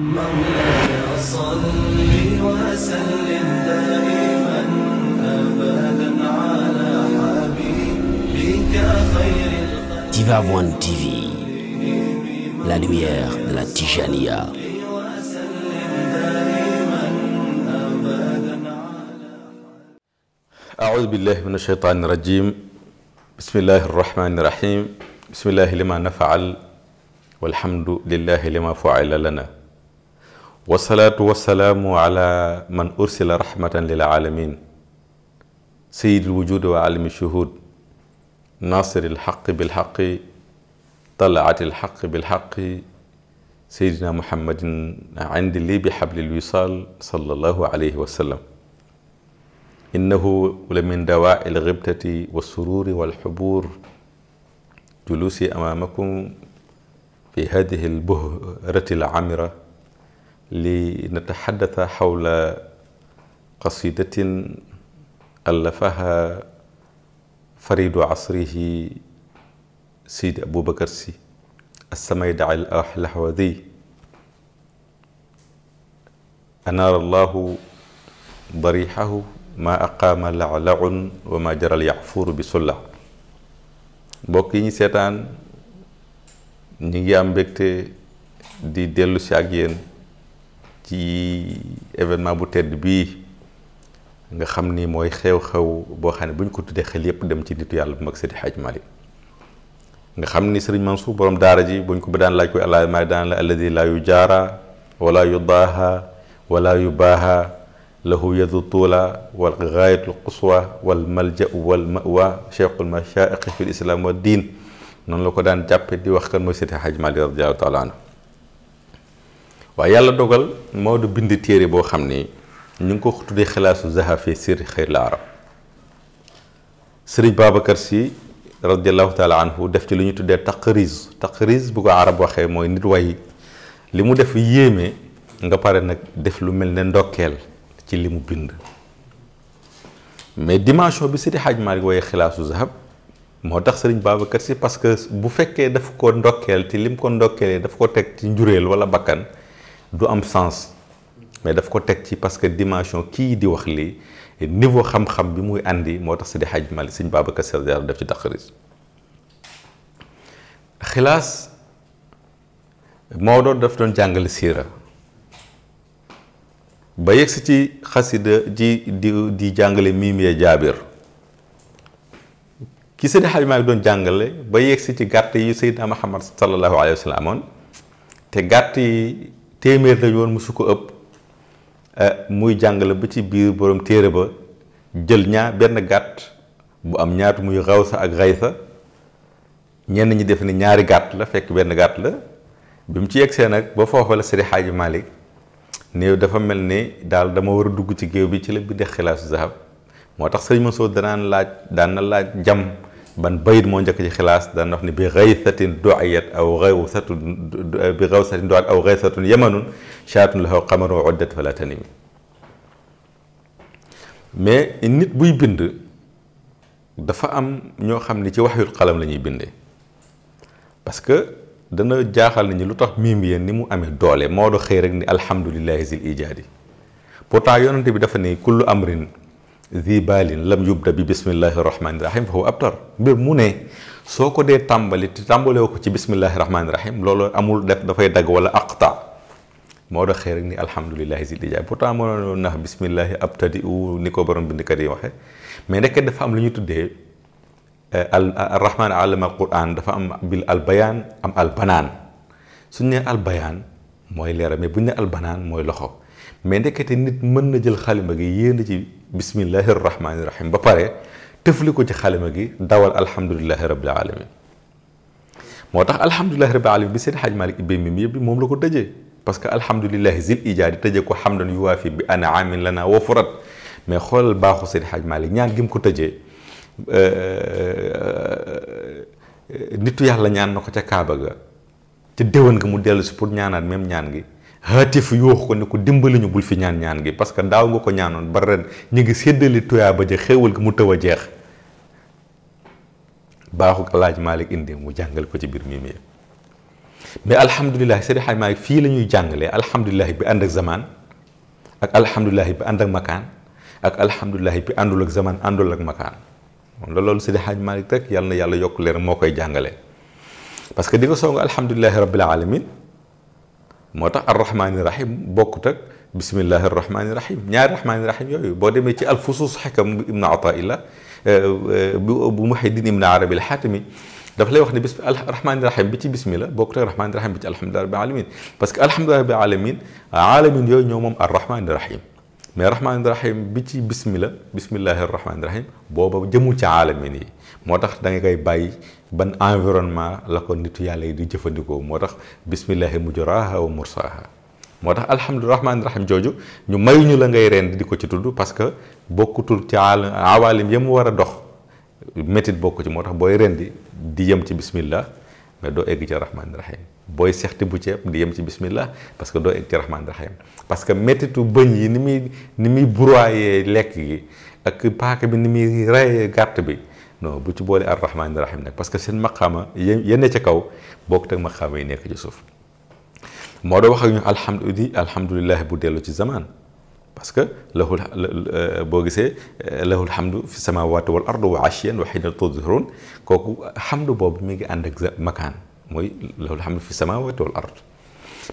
مولاي وسلم دائما ابدا على حبيبك خير Diva One TV La lumière de la Tijania أعوذ بالله من الشيطان الرجيم بسم الله الرحمن الرحيم بسم الله لما نفعل والحمد لله لما فعل لنا والصلاة والسلام على من أرسل رحمة للعالمين سيد الوجود وعالم الشهود ناصر الحق بالحق طلعة الحق بالحق سيدنا محمد عند لي بحبل الوصال صلى الله عليه وسلم إنه لمن دواء الغبتة والسرور والحبور جلوسي أمامكم في هذه البهرة العامرة لنتحدث حول قصيدة ألفها فريد عصره سيد أبو بكر سي السميدع الأحلحوذي أنار الله ضريحه ما أقام لعلع وما جرى ليعفور بسلع بوكيني سيتان ñu seetaan دي ديلو سياجين ci événement bu tedd bii nga xam ni mooy xew-xew boo xam ne bu ñu ko tuddee xel yépp dem ci nitu yàlla bu mag Seydi xaj mali nga xam ni sëriñ Mansour borom daara ji buñ ko bu daan laaj koy allah maa daan alladi laa yu jaara wala yu daaha wala yu baaha lahu yadu tuula wal gaayatul quswa wal malja wal mawa cheikhul mashaiqi fi l islam diin noonu la ko daan jàppe di wax kan mooy Seydi Hadj Malick radiallahu taala anhu waaye yàlla dogal Maodo bind téere boo xam ni ñu ngi ko tuddee xilaasu zahafi sirri xayril arab sëriñ Babacar si radiallahu taala anhu def ci lu ñu tuddee taqriz taqriz bu ko arab waxee mooy nit way li mu def yéeme nga pare nag def lu mel ne ndokkeel ci li mu bind mais dimension bi Seydi Hadj Malick waaye xilaasu zahab moo tax sëriñ Babacar si parce que bu fekkee daf ko ndokkeel te lim ko ndokkeelee daf ko teg ci njureel wala bakkan du am sens mais daf ko tek ci parce que dimension ki di wax li niveau xam-xam bi muy andi motax tax hadj mal seigne Sëñ Babacar Sy daf ci takhris khilas modo daf don jàngale siira ba yex ci xasida ji di di jàngale miimiye jabir ki Seydi hadj mal don jàngale ba yex ci gàtt yi Seydina Muhammad sallallahu alayhi wasallam te gàtt yi téeméer lañu woon mu su ko ëpp eh, muy jàngale ba ci biir boroom téere ba jël ñaar benn gàtt bu am ñaatu muy raw sa ak ray sa ñenn ñi def ni ñaari gàtt la fekk benn gàtt la bi mu ci yegsee nag ba foofa la Sëriñ Xaaji Malik néew dafa mel ni daal dama war a dugg ci géew bi ci la bi de xilaasu zahab moo tax sëñ Mansour danaan laaj daan na laaj jam من بعيد من جاك خلاص ده نحني بغيثة دعية أو غيوثة بغيوثة دعية أو غيثة يمن شاتن له قمر وعدة فلا تنمي ما النت بوي بند دفع أم نيو خم نجي وحي القلم لني بند بس ك دنا جاهل نجي لطخ ميمي نمو أمي دولة ما هو خيرني الحمد لله زي الإيجادي بوتايون تبي دفعني كل أمرين zi baalin lam yubda bi bismillahi rahmaani rahim fa huwa abtar mbir mu ne soo ko dee tàmbali te tàmbalee ko ci bismillahi rahmaani rahim loolu amul def dafay dagg wala aqta moo dox xëy rek ni alhamdulillahi si lijaay pourtant moo doon nax bismillahi abtadi u ni ko borom bindkat yi waxe mais nekk dafa am lu ñu tuddee al rahmaan alama al quran dafa am bil al bayaan am al banaan suñ ne al bayaan mooy leeral mais buñ ne al banaan mooy loxo mais ndekkete nit mën na jël xalima gi yéen ci بسم الله الرحمن الرحيم بباري تفلي كو مجي دوال الحمد لله رب العالمين موتاخ الحمد لله رب العالمين بي سين حاج مالك ابن ميمي بي موم لاكو داجي باسكو الحمد لله ذل ايجاد تاجي كو حمدا يوافي بان عام لنا وفرت مي خول باخو سين حاج مالك نيان جيم كو تاجي نيتو يالا نيان نكو تا كابا غا تي ديوان نيانات ميم نيان غي haatif yuux ko ne ko dimbali ñu bul fi ñaan ñaan gi parce que daaw nga ko ñaanoon ba ren ñu ngi séddali tuyaaba ja xewal gi mu tëw a jeex baaxu alaaj Malick indi mu jàngal ko ci biir mii mi mais alhamdulilah Seydi Hadj Malick fii la ñuy jàngalee alhamdulilah bi ànd ak zamaan ak alhamdulilah bi ànd ak makaan ak alhamdulilah bi àndul ak zamaan àndul ak makaan moom la loolu Seydi Hadj Malick rek yàlla na yàlla yokk leen moo koy jàngalee parce que di nga moo tax arrahmaani rahim bokkut ak bismillahi arrahmaani rahim ñaari rahmaani rahim yooyu boo demee ci alfusus xakam bu ibnu ataillah bu bu muhiddin ibnu arabi alxaatimi daf lay wax ne bis arrahmaani rahim bi ci bismillah bokkut ak arrahmaani rahim bi ci alhamdulilah rabbil alamin parce que alhamdulilah rabbil alamin alamin yooyu ñoo moom arrahmaani rahim mais rahmaani rahim bi ci bismillah bismillahi arrahmaani rahim booba jëmul ci alamin yi moo tax da nga koy bàyyi ban environnement la ko nit yalla yi di jëfëndiko motax Bismillah bismillahi mujuraha wa mursaha motax tax rahim joju ñu ñu la ngay rend di ko ci tuddu parce que tur ci awalim yam wara dox metit bokku ci motax boy rend rendi di yëm ci bismillah mais do egg ci rahman rahim boy sexti bu ceeb di yëm ci bismillah parce que do egg ci rahman rahim parce que metitu bañ yi ni mi ni mi broyer lek gi ak paaka bi ni mi raye gatt bi non bu ci boolee arrahmaani rahim nak parce que sen maqama yene ci kaw bokkut tak maqama yi nek ci suuf mo do wax ak ñu alhamdu di bu delu ci zaman parce que lahul bo gisé lahul hamdu fi samawati wal ardu wa ashiyan wa xiina tudhirun koku hamdu boobu mi ngi ànd ak makan moy lahul hamdu fi samawati wal ard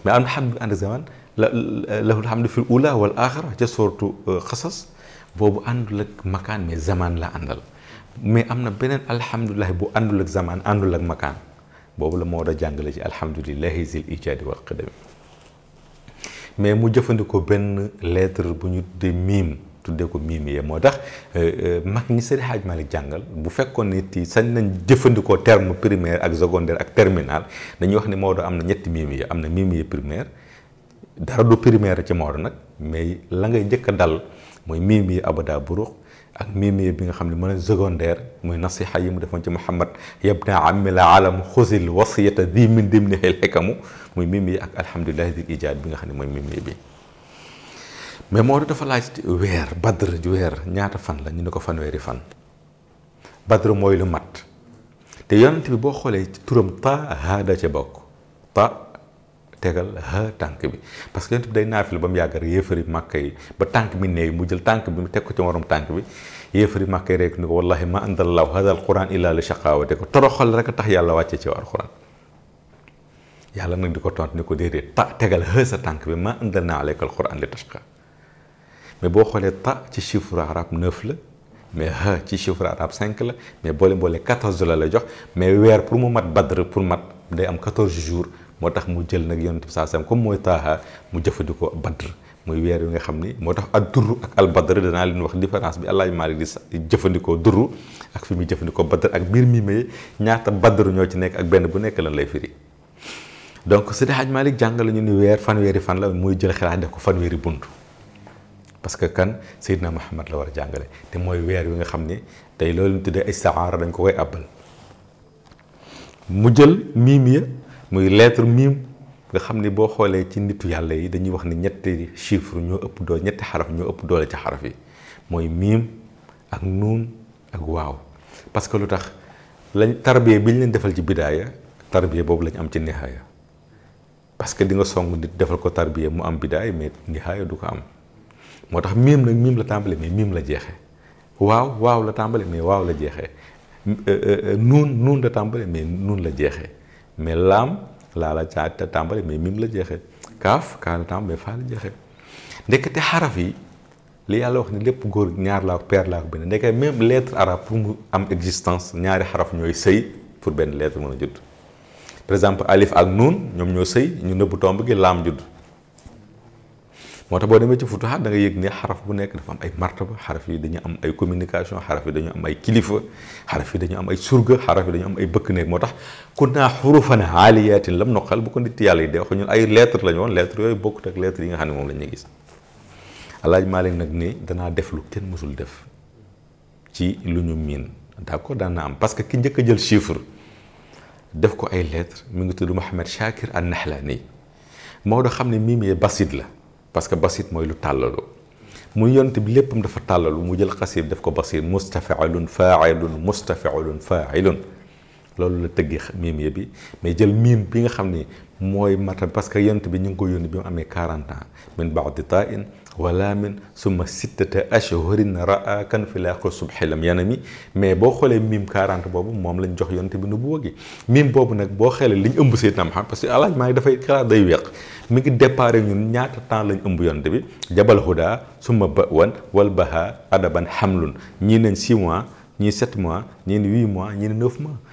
mais am hamdu ànd ak zamaan lahul hamdu fil ula wal akhirah ci sortu qasas bobu àndul ak makan mais zaman la àndal mais am na beneen alhamdulilah bu àndul ak zamaan àndul ak makaan boobu la moo da jàngale ci alhamdulilahi zil ijaadi wal qadami mais mu jëfandikoo benn lettre bu ñu tuddee miim tuddee ko miim yee moo tax euh, euh, mag ñi Seydi Hadj Malick jàngal bu fekkoon nit yi sañ nañ jëfandikoo terme primaire ak secondaire ak terminal dañuy wax ni Maodo am na ñetti miim yi am na miim yi primaire dara du primaire ci Maodo nag mais la ngay njëkk dal mooy miim yi abada ak mémé bi nga xam ne mën a secondaire muy nasiha yi mu defoon ci Muhammad yabna ammi la alam xusil wasiyata di min dim ni xel xekamu muy mémé ak alhamdulilahi dil ijaad bi nga xam ne mooy mémé bi mais Maodo dafa laaj weer badr weer ñaata fan la ñu ne ko fanweeri fan badr mooy lu mat te yonent bi boo xoolee turam ta hada ca bokk ta tegal ha tànk bi parce que yonent bi day naafila ba mu yàgg rek yéefari màkk yi ba tànk bi néegi mu jël tànk bi mu teg ko ci morom tànk bi yéefari màkk yi rek ni ko wallahi ma andalallahu hada alquran illa li shaqaawate ko toroxal rek a tax yàlla wàccee ci alquran yàlla nag di ko tontu ni ko déedéet ta tegal ha sa tànk bi ma andalna alayka alquran li tashqa mais boo xoolee ta ci chiffre arabe neuf la mais ha ci chiffre arabe cinq la mais boole boole quatorze la la jox mais weer pour mu mat badr pour mat day am quatorze jours Mudah mu jël nak yonent bi saa sam comme moy taha mu badr muy wër wi nga xamni motax ad tax ak al-badr dana leen wax différence bi Allah Maalik di jëfëndiko durru ak fi muy badr ak bir mi may ñaata badr ñoo ci nekk ak benn bu nekk lan lay firi donc sidi Hajj malik jangal ñu ni fan wër fan la muy jël xalaat def ko wër buntu parce que kan Seydina Muhammad la war jangalé té moy wër weer nga xamni ni loolu tuddé tuddee dañ ko koy abal mu jël mimiya muy lettre mim nga xam ni boo xoolee ci nitu yàlla yi dañuy wax ni ñetti chiffre ñoo ëpp doole ñetti xaraf ñoo ëpp doole ci xaraf yi mooy miim ak nuun ak waaw parce que lu tax lañ tarbiya bi ñu leen defal ci bidaaya tarbiya boobu lañu am ci nihaaya parce que di song nit defal ko tarbiya mu am bidaaya mais nihaaya du ko am moo tax miim nag miim la tàmbale mais miim la jeexee waaw waaw la tàmbale mais waaw la jeexee euh, euh, euh, nuun nuun la tàmbale mais nuun la jeexee mais laam laa la caa tàmbali mais mim la jeexee kaaf kaa la tàmbali mais faa la jeexee ndekete xaraf yi li yàlla wax ni lépp góor ñaar laa ko paire laa ko benn ndekete même lettre arabe pour mu am existence ñaari xaraf ñooy sëy pour benn lettre mën a judd par exemple alif ak nuun ñoom ñoo sëy ñu nëbbu tomb gi laam juddu moo tax boo demee ci futuhaat da nga yëg ne xaraf bu nekk dafa am ay martaba xaraf yi dañu am ay communication xaraf yi dañu am ay kilifa xaraf yi dañu am ay surga xaraf yi dañu am ay bëkk néeg moo tax kunnaa xurufan aaliyatin lam noqal bu ko nit yàlla yi dee wax ñun ay lettre la ñu woon lettre yooyu bokkut ak lettre yi nga xam ne moom la ñuy gis alaaj Maalik nag nii danaa def lu kenn mësul def ci lu ñu miin d'accord daan na am parce que ki njëkk jël chiffre def ko ay lettre mi ngi tudd Mouhamed Chakir an-Nahlani Maodo xam ne mii mee basid la parce que basit moy lu talalu mu yonte bi leppum dafa talalu mu jël khasib def ko basit mustafaalun faailun mustafaalun faailun loolu la tëggi mim ya bi mais jël mim bi nga xam moy mooy matam parce que yent bi ñu ko yoni bi mu amé 40 ans min baadi tain wala min summa sittata ashhurin raa kan fi laq subh lam yanami mais bo xolé mim 40 bobu mom lañ jox yent bi nu bu wëggi miim boobu nag boo xeele li ñu ëmb Seydina Muhammad parce que alaaj ma ngi dafay kala day wéx mi ngi déparé ñun ñaata temps lañ ëmb yent bi jabal huda summa bawan wal baha adaban hamlun ñi nañ 6 mois ñii 7 mois ñii 8 mois ñii 9 mois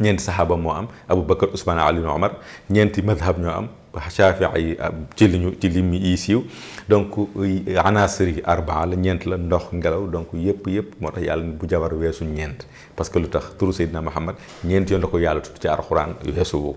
ñeenti saxaaba moo am Abu Bakar Ousmane Ali Omar ñeenti madhab ñoo am Shafii yi ci li ñu ci lim yi siiw donc anasir yi arbaa la ñeent la ndox ngelaw donc yëpp yëpp moo tax yàlla bu jabar weesu ñeent parce que lu tax turu Seydina Muhammad ñeent yoon la ko yàlla tudd ci alxuraan weesu woo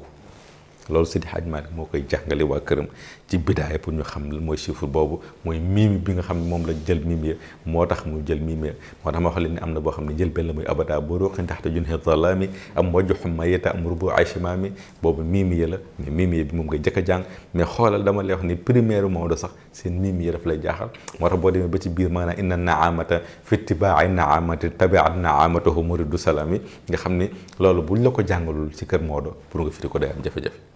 ko loolu Seydi Hadj Malick moo koy jàngale waa këram ci bidaaya pour ñu xam moy chiffre bobu moy mimi bi nga xam mom la jël mimi motax mu jël mimi motax ma wax leen ni am na boo jël ben moy abada bo ro roqin taxta junxi zalami am wajjuxum ma amru bu rubu aychimami boobu miim la mais mimi bi mom nga jëk jàng mais xolal dama lay wax ni première Maodo sax seen mimi ya daf lay jaxal motax bo demé ba ci bir mana inna naamata fi tibaai naamati tabiat naamatahu muridu salami nga xamni lolu buñ la ko jàngalul ci kër modo pour nga firi ko day am jafe-jafe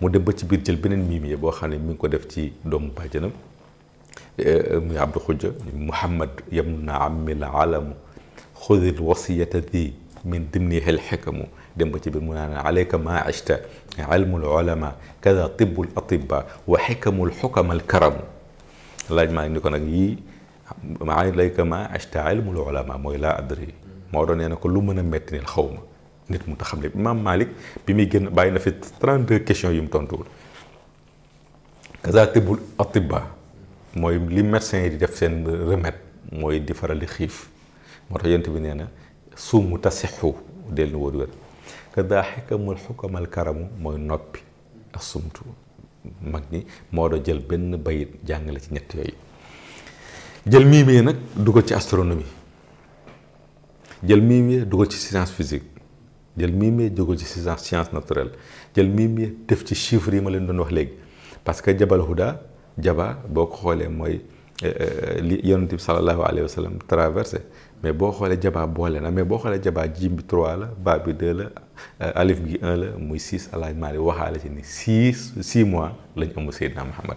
mu dem ba ci biir jël beneen miimiya boo xam ne mi ngi ko def ci doomu bàjjanam muy Abdou Khoudia muhammad yamna na amil alamu xudil wasiyata di min dimni dimnihi alxikamu dem ba ci biir mu naan alayka ma achta ilmu lulama kada tibu l atiba wa xikamu lxukama alkaramu laaj maa ngi ni ko nag yii alayka ma achta ilmu lulama mooy laa adri moo doon nee na ko lu mën a metti ni xaw ma nit mu tax xam lépp maam bi mi génn bayina fi 32 questions yum mu kaza tibul atiba moy li médecin yi di def sen remède moy di faral di xiif moo tax bi neena sumu tasihu del na wor wér kaza xikamul xukamal karamu mooy noppi ak sumtu mag ñi moo jël ben bayit jàngale ci ñet yoy jël mimi nak duggal ci astronomie jël mimi duggal ci science physique ديال ميمي ديغو سي سيزان سيانس ناتورال ديال ميمي ديف سي شيفر يما لين دون واخ ليغ باسكو جبل هدى جبا بوك خولي موي يونتي صلى الله عليه وسلم ترافيرسي مي بو خولي جبا بولنا مي بو خولي جبا جيم بي 3 لا با بي 2 لا الف بي 1 لا موي 6 الله يماري وخالا سي 6 6 mois لا نيمو سيدنا محمد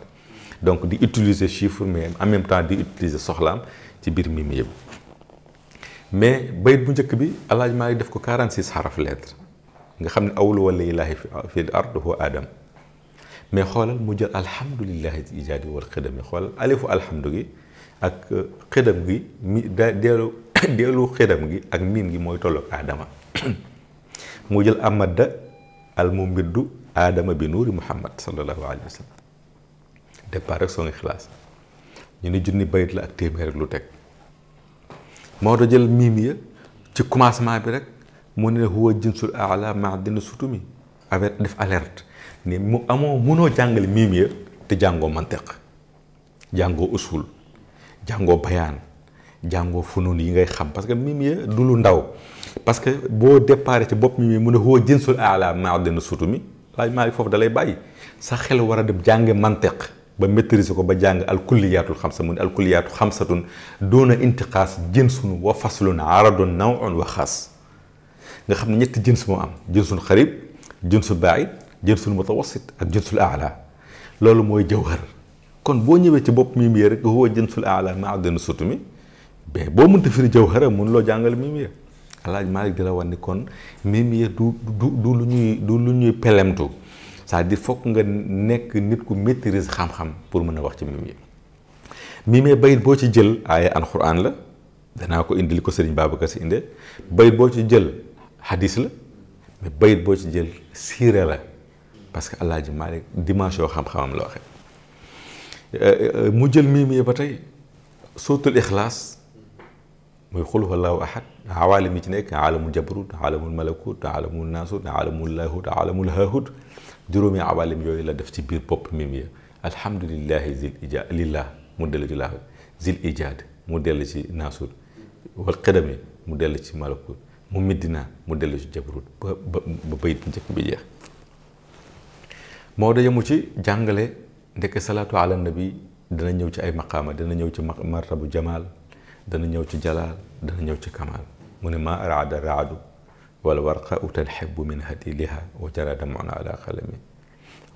دونك دي اوتيليزي شيفر مي ان ميم تان دي اوتيليزي سوخلام تي بير ميمي mais bayit bu njëkk bi alaaj maa ngi def ko 46 xaraf lettre nga xam ne wala ilahi fi al ard huwa adam mais xoolal mu jël alhamdulilahi ijadi wal xidam yi xoolal alifu alhamdu ak euh, xidam gi mi delu delu xidam gi ak min gi mooy tolloog adama mu jël amadda al mu adama bi nuuri muhammad sallallahu alaihi wasallam. sallam départ rek soo ngi xilaas ñu ni junni bayit la ak téeméer lu teg Maodo jël miim ya ci commencement bi rek mu ne huwa jinsul ala ma dina mi avec def alerte ne mu amoo munoo jàngale miim ya te jàngoo mantiq jàngoo usul jàngoo bayaan jàngoo funun yi ngay xam parce que miim ya du lu ndaw parce que boo départ ci bopp miim ya mu ne huwa jinsul ala ma sutu sutumi laaj maa ngi foofu da lay bàyyi sa xel war a dem jànge mantiq ba maîtriser ko ba jàng al kulliyatul xamsa mun kulliyatul xamsatun doona intiqas jinsun wa faslun aradun nawun wa khas nga xamni ñet jins mo am jinsun kharib jinsu baid jinsul mutawassit ak jinsul a'la lolu moy jawhar kon bo ñewé ci bop mimiya rek huwa jinsul a'la ma'dun sutumi be bo mais boo firi jawhara mun lo jàngal mimiya alaaj malik di la kon mimiya du du du lu ñuy du lu ñuy pelemtu cest di dire fokk nga nekk nit ku maîtrise xam-xam pour mën a wax ci mimee mimee bayit boo ci jël aaya alxuraan la danaa ko indi li ko sëriñ Babacar si indee bayit boo ci jël hadis la mais bayit boo ci jël siire la parce que Alaaji Maalik dimension xam-xamam la waxee euh, euh, mu jël mimee ba tey sootul ixlaas muy xul huwallaahu ahad awaalim yi ci nekk aalamul jabarut aalamul malakut aalamul naasut aalamul laahut aalamul haahut juróomi abalim yooyu la def ci biir bopp mim ya alhamdulillahi zil ija lillah mu dell ci laahu zil ijaad mu dell ci naasur wal xedami mu dell ci malakut mu middina mu dell ci jabrut ba ba bayit njëkk bi jeex moo da yemu ci jàngale ndekk salaatu ala nabi dana ñëw ci ay maqaama dana ñëw ci martabu jamal dana ñëw ci jalaal dana ñëw ci kamal mu ne ma raada raadu والورقة وتنحب من هديلها وجرى دمع على قلمي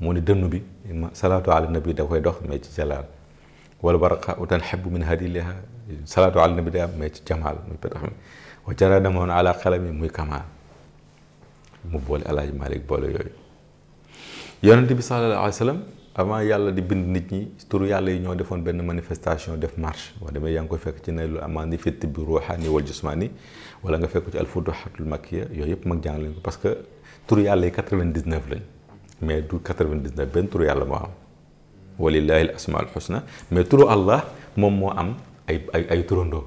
موني دنبي صلاة على النبي ده هو دخل ميت جلال والورقة وتنحب من هديلها صلاة على النبي ده ميت جمال وجرى دمع على قلمي مي كمال مبول على مالك بولو يوي يونتي بصلى الله عليه وسلم avant yàlla di bind nit ñi turu yàlla yi ñoo defoon benn manifestation def marche wa demé yang koy fekk ci naylul amandi fi tibbi ruhani wal jismani wala nga fekk ci al futuhatul makkiya yoy yep mag jàng leen ko parce que turu yàlla yi 99 lañ mais du 99 ben turu yàlla mo am walillahi al asmaul husna mais turu allah mom mo am ay ay ay turundo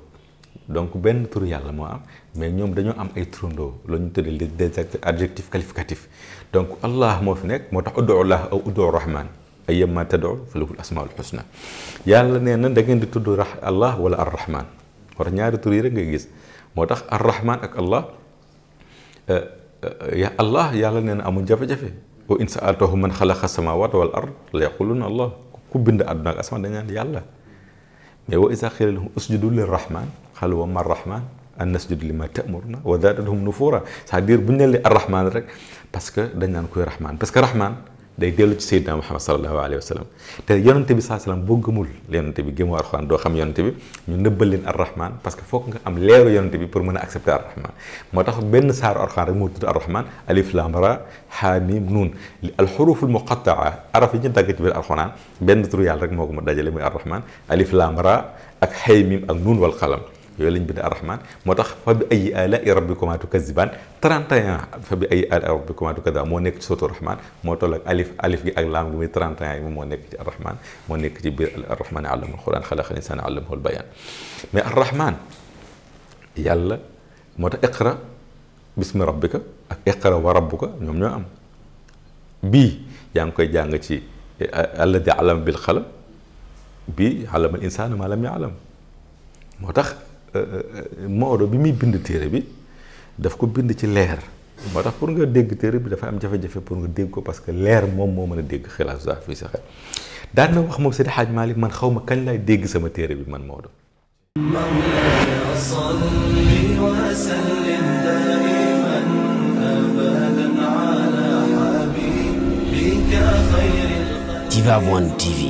donc ben turu yàlla mo am mais ñom dañu am ay turundo lañu ñu tëddee des adjectifs qualificatifs donc allah mo fi nek motax ud'u allah aw ud'u rahman ayyama tadoo falahul asmaul husna yàlla nee na da ngeen di tudd allah wala arrahman war ñaari tur yi rek ngay gis moo tax arrahman ak allah eh, eh, ya allah yàlla nee na amul jafe-jafe wa in saaltahu man xalaqa samawati wal ard la yaquluna allah ku bind àdduna ak asmaan dañaan yàlla mais wa isa xila lahum usjudu lir rahman xalu wa ma rahman an nasjud li ma tamurna wa zaadahum nufura c'est-à-dire bu ñu leen li arrahman rek parce que dañ naan koy rahman parce que rahman day delu ci sayyidna Muhammad sallallahu alayhi wasallam te yonent bi saa sallam bo gëmul yonente bi gëmu alxuraan do xam yonent bi ñu neubal leen arrahman parce que fokk nga am leeru yonent bi pour mën accepter arrahman motax ben sar saaru rek mo tuddu arrahman alif lam ra ha mim nun al huruf al muqattaa araf ñu dagg ci bi alxuraan ben tur yàlla rek moko ko ma dajale muy arrahman alif lam ra ak hay mim ak nun wal qalam yooyu lañ bind arrahman moo tax fa bi ay ala rabbikuma tukazzibaan 31 fa bi ay ala rabbikuma tukazzibaan moo nekk ci sootu rahman moo toll ak alif alif gi ak laam gi muy 31 yi moom moo nekk ci arrahman moo nekk ci biir arrahman allamul quran xalaqal insaan allamahul bayan mais arrahman yàlla moo tax iqra bismi rabbika ak iqra wa rabbuka ñoom ñoo am bii yaa ngi koy jàng ci alladi alama bil xalam bii alama al insaana maa lam yaalam moo tax Maodo bi muy bind téere bi daf ko bind ci leer moo tax pour nga dégg téere bi dafa am jafe-jafe pour nga dégg ko parce que leer moom moo mën a dégg xilaas saa fii sa xel daan na wax moom Seydi Hadj Malick man xaw kañ lay dégg sama téere bi man Maodo. Tivaouane TV,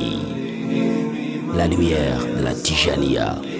la lumière de la Tijania.